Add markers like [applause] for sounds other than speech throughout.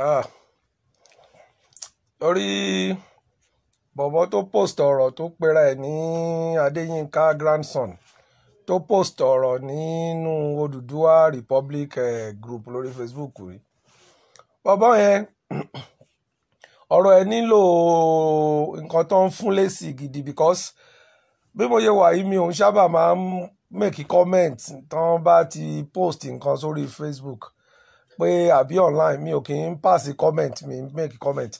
Ah, lórí bọ̀bọ̀ tó post ọ̀rọ̀ tó pera ẹ̀ ní Adéyínká grandson tó post ọ̀rọ̀ nínú Odùduwà Republic eh, group lórí Facebook rí bọ̀bọ̀ yẹn [clears throat] ọ̀rọ̀ ẹ̀ nílò nǹkan tó ń fún lésì gidi because bí mo ṣe wà yìí mi òun sábà máa ń make comment tán bá ti post nǹkan sórí Facebook pé àbí online mi ò kì í pass comment mi make comment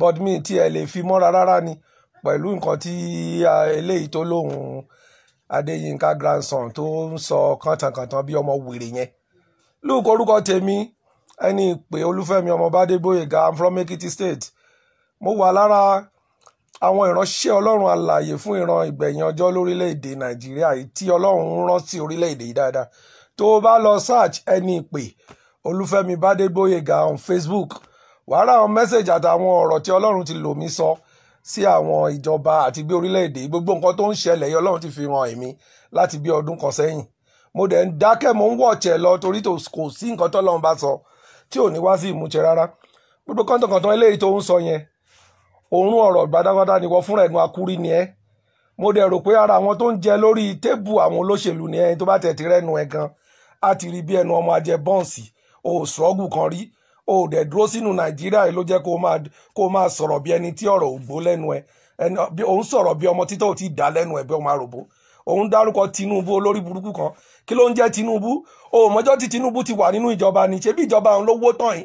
but mi tí ẹ lè fi mọ́ra rárá ni pẹ̀lú nǹkan tí eléyìí tó lóun Adéyínká grandson tó ń sọ kàntànkàntàn bí ọmọ wèrè yẹn lóòkó orúkọ tèmi ẹni ìpè Olúfẹ́mi ọmọ Bádégbóyèga I'm from Ekiti State mo wà lára àwọn ìránṣẹ́ ọlọ́run alààyè fún ìran ìgbẹ̀yìn ọjọ́ lórílẹ̀‐èdè nàìjíríà tí ọlọ́run ń rán sí orílẹ̀‐èdè yìí dáadáa tó o bá lọ search ẹni ìpè olúfẹ́mi bádégbòyega on facebook wàá rà àwọn mẹ́sẹ̀jì àtàwọn ọ̀rọ̀ tí ọlọ́run ti lò mí sọ sí àwọn ìjọba àti bí orílẹ̀-èdè gbogbo nǹkan tó ń ṣẹlẹ̀ yìí ọlọ́run ti fi hàn èmi láti bí ọdún kan sẹ́yìn mo dẹ̀ ń dákẹ́ mo ń wọ̀ọ̀tẹ̀ lọ torí kò sí nǹkan tọ́lọ́run bá sọ tí ò ní wá sí ìmúṣẹ rárá gbogbo kọ́ńtọ̀kọ̀tàn eléyìí tó ń sọ yẹn òórùn ọ̀rọ̀ gbadagbada ni wọ́n fúnra ẹ̀gbọ́n akúrí ni ẹ́ mo dẹ̀ rò pé ara àwọn tó ń jẹ lórí tébù àwọn olóṣèlú ni ẹ́ tó bá tẹ̀ ti rẹ́nu ẹ̀ gan á ti rí bí ẹnu ọmọ ajẹ bọ́ǹsì o ò struggle kan rí o ò dẹ̀ dúró sínú nàìjíríà yìí ló jẹ́ kó máa kó máa sọ̀rọ̀ bí ẹni tí ọ̀rọ̀ ò gbó lẹ́nu ẹ ẹni òun sọ̀rọ̀ bí ọmọ títọ́ ti dá lẹ́nu ẹ bí ọmọ àròbó òun dárúkọ Tinubu olórí burúkú kan kí ló ń jẹ́ Tinubu o ò mọ́jọ́ tí Tinubu ti wà nínú ìjọba ni ṣebí ìjọba òun ló wó tán yìí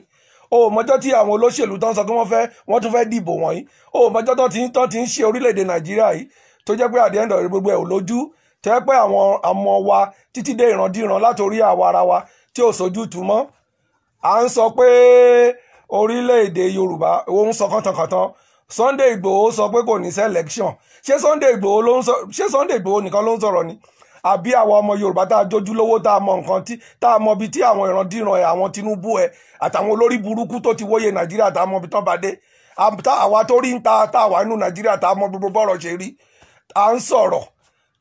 o ò mọ́jọ́ tí àwọn olóṣèlú tán sọ pé wọ́n fẹ́ wọ́n tún fẹ́ dìbò wọ̀nyí o ò mọ́jọ́ tán ti ń tán ti ń ṣe orílẹ̀-èdè Nàìjíríà yìí tó jẹ́ pé àdéhùn ọ̀rẹ́ gbogbo ẹ̀ ò lójú tó jẹ́ àwọn àmọ́ wa títí dé ìrandíran látòrí àwa ara wa tí ò sójú tù mọ́ à ń sọ pé orílẹ̀-èdè yorùbá òun sọ kọ́tọ̀kọ́tọ̀ sunday igbòho sọ pé kò ní selection ṣé sunday igbòho ló ń sọ ṣé sunday igbòho nìkan ló ń sọ̀rọ̀ ni àbí àwọn ọmọ yorùbá tá a jójú lówó tá a mọ nǹkan tí tá a mọ ibi tí àwọn ìrandíran ẹ àwọn tinubu ẹ àtàwọn olórí burúkú tó ti wóye nàìjíríà tá a mọ ibi tán bá dé àwa tó rí ń ta tá a wà nínú nàìjíríà tá a mọ gbogbo bọ́rọ̀ ṣe rí à ń sọ̀rọ̀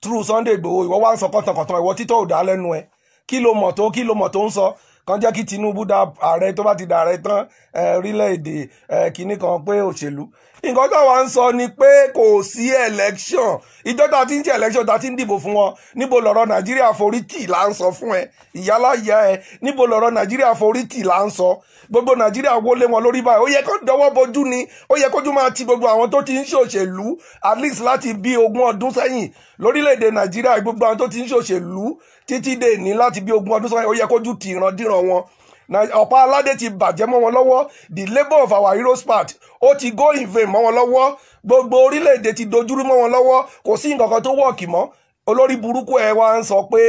through sunday igbòho ìwọ wá ń sọ kọ́tàkọ́tà ìwọ títọ́ òdà lẹ́nu ẹ kí lo mọ̀ tó kí lo mọ̀ tó ń sọ kàn jẹ́ kí Tinubu da ààrẹ tó bá ti da ààrẹ tán eh, orílẹ̀-èdè eh, kínní kan pé òṣèlú nǹkan tó wà ń sọ ni pé kò sí election ìjọ tá a ti ń ṣe election tá a ti ń dìbò fún wọn níbo lọ̀rọ̀ nàìjíríà forí tì là ń sọ fún ẹ ìyálàyà ẹ níbo lọ̀rọ̀ nàìjíríà forí tì là ń sọ gbogbo nàìjíríà wọlé wọn lórí báyìí ó yẹ kó dọwọ́ bojú ni ó yẹ kójú máa ti gbogbo àwọn tó ti ń ṣòṣèlú at least láti bí ogún ọdún sẹ́yìn lórílẹ̀‐èdè nàìjíríà gbogbo àwọn tó ti ń ṣòṣèlú títí dé ní láti bí ogún ọdún sẹ́yìn ó yẹ kójú tì ìrandíran wọn ọ̀pá aládé ti bàjẹ́ mọ́ wọn lọ́wọ́ the labour of our heroes part ó ti go in vain mọ́ wọn lọ́wọ́ gbogbo orílẹ̀-èdè ti dojúrú mọ́ wọn lọ́wọ́ kò sí nǹkan kan tó wọ̀ọ̀kì mọ́ olórí burúkú ẹ̀ wá ń sọ pé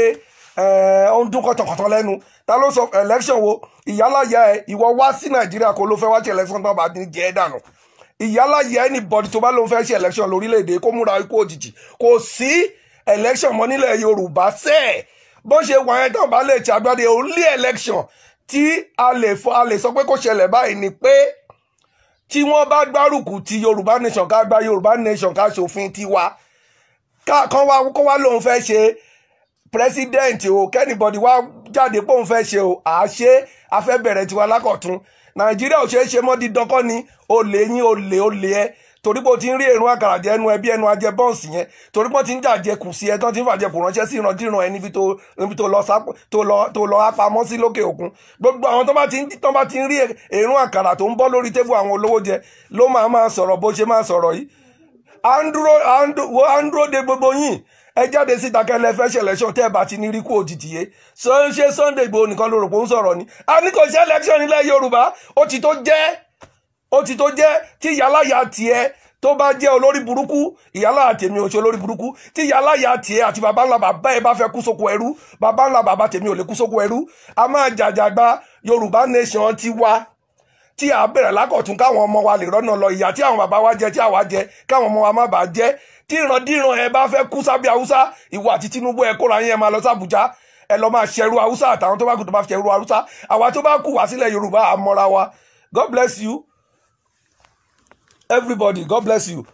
ó ń dún kọ̀tọ̀kọ̀tọ̀ lẹ́nu ta ló sọ election wo ìyálàyà ẹ ìwọ wá sí nàìjíríà kó ló fẹ́ wá ti election tó bá ní jẹ́ ẹ dànù ìyálàyà ẹ ní bọ́dì tó bá ló ń fẹ́ ṣe election lórílẹ̀‐èdè kó múra ikú òjijì kò sí election mọ́ nílẹ̀ yorùbá sẹ́ẹ̀ bó ṣe wà yẹn tán bá lè ṣàgbádé only election tí a lè fọ a lè sọ pé kó ṣẹlẹ̀ báyìí ni pé tí wọ́n bá gbárùkù ti Yorùbá nation ká gba Yorùbá nation ká ṣòfin tiwa kan wá kó wá lóun fẹ́ ṣe president o kẹ́nìbọ̀dì wá jáde pé òun fẹ́ ṣe o à á ṣe afẹ́bẹ̀rẹ̀ tiwa lákọ̀tún Nàìjíríà ò ṣeé ṣe mọ́ dídán kọ́ ni olè yín olè olè ẹ torí pé o ti ń rí èrún àkàrà jẹ ẹnu ẹbí ẹnu ajẹ bọ́ǹsì yẹn torí pé o ti ń jàjẹ kù sí ẹ tán ti ń fàjẹ kù ránṣẹ́ sí ìrandíran ẹ níbi tó lọ apamọ́ sí lókè òkun gbogbo àwọn tó bá ti ń rí èrún àkàrà tó ń bọ́ lórí tébù àwọn olówó jẹ ló máa máa sọ̀rọ̀ bó ṣe máa sọ̀rọ̀ yìí à ń dúró de gbogbo yín ẹ jáde síta kẹlẹ fẹ́ ṣẹlẹṣọ tẹ́ ẹ bá ti ní rí kú òjijì yé ṣé Sunday Igboho nìkan ló rò pé ó ń sọ̀rọ̀ ni a ní kò sí election nílẹ̀ Yorùbá ó ti tó jẹ́ ó ti tó jẹ́ tí ìyáláyà tiẹ̀ tó bá jẹ́ olórí burúkú ìyáláyà tèmi ò ṣe olórí burúkú tí ìyáláyà tiẹ̀ àti bàbá ńlá bàbá ẹ bá fẹ́ kú sóko ẹrú bàbá ńlá bàbá tèmi ò lè kú sóko ẹrú a máa jàjàgba Yorùbá nation ti wá tí a bẹ̀rẹ̀ lákọ̀tún káwọn ọmọ wa lè rọ́nà lọ ìyà tí àwọn bàbá wa jẹ tí àwa jẹ káwọn ọmọ wa má bàa jẹ tí ìrandíran ẹ bá fẹ́ kú sábẹ́ haúsá ìwọ àti Tinubu ẹ kóra yín ẹ máa lọ sábùjá ẹ lọ máa ṣẹrú haúsá àtàwọn tó bá kù tó bá fi ṣẹrú haúsá àwa tó bá kù wá sílẹ̀ Yorùbá àmọ́ra wa God bless you everybody god bless you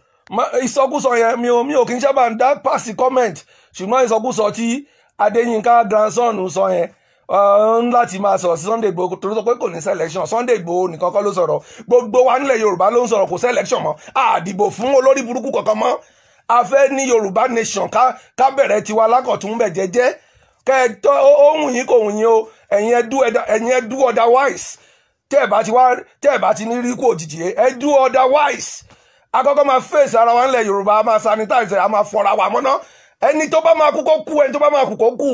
ìsọkúsọ yẹn mi ò mi ò kí n sábà ń dá pàṣẹ comment ṣùgbọ́n ìsọkúsọ tí adéyínká grandson sọ yẹn uh, ń láti máa sọ̀rọ̀ sí Sunday Igboho tó sọ pé kò ní selection Sunday Igboho nìkan kọ́ ló sọ̀rọ̀ gbogbo wa nílẹ̀ yorùbá ló ń sọ̀rọ̀ kò selection mọ́ àdìbò fún olórí burúkú kankan mọ́ a fẹ́ ní yorùbá nation ká ká bẹ̀rẹ̀ tiwa lákọ̀tún bẹ̀ jẹ́jẹ́ kẹ́ ẹ tọ́ ohun yìí kò hùn yín o ẹ̀yin ẹdú otherwise tẹ́ ẹ̀ bá ti wá tẹ́ ẹ̀ bá ti ní rí kú òjijì ẹ do otherwise akọ́kọ́ máa face ara wa ńlẹ̀ yorùbá a máa sanitize a máa fọra wa mọ́ná ẹni tó bá máa kú kó kú ẹni tó bá máa kú kó kú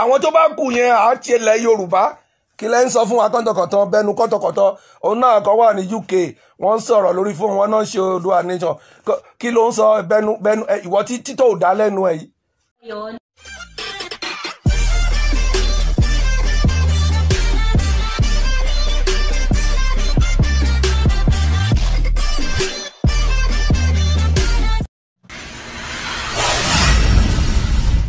àwọn tó bá kú yẹn à ń ti ilẹ̀ yorùbá kí lẹ́ ń sọ fún wa kọ́ńtọ̀kọ̀tọ̀ bẹ́nu kọ́ńtọ̀kọ̀tọ̀ òun náà kan wà ní UK wọ́n ń sọ̀rọ̀ lórí fóun wọn náà ṣe Oòduà nation kí ló ń sọ bẹ́nu bẹ́nu ìwọ tí títọ́ ò dá lẹ́nu ẹ̀ yìí.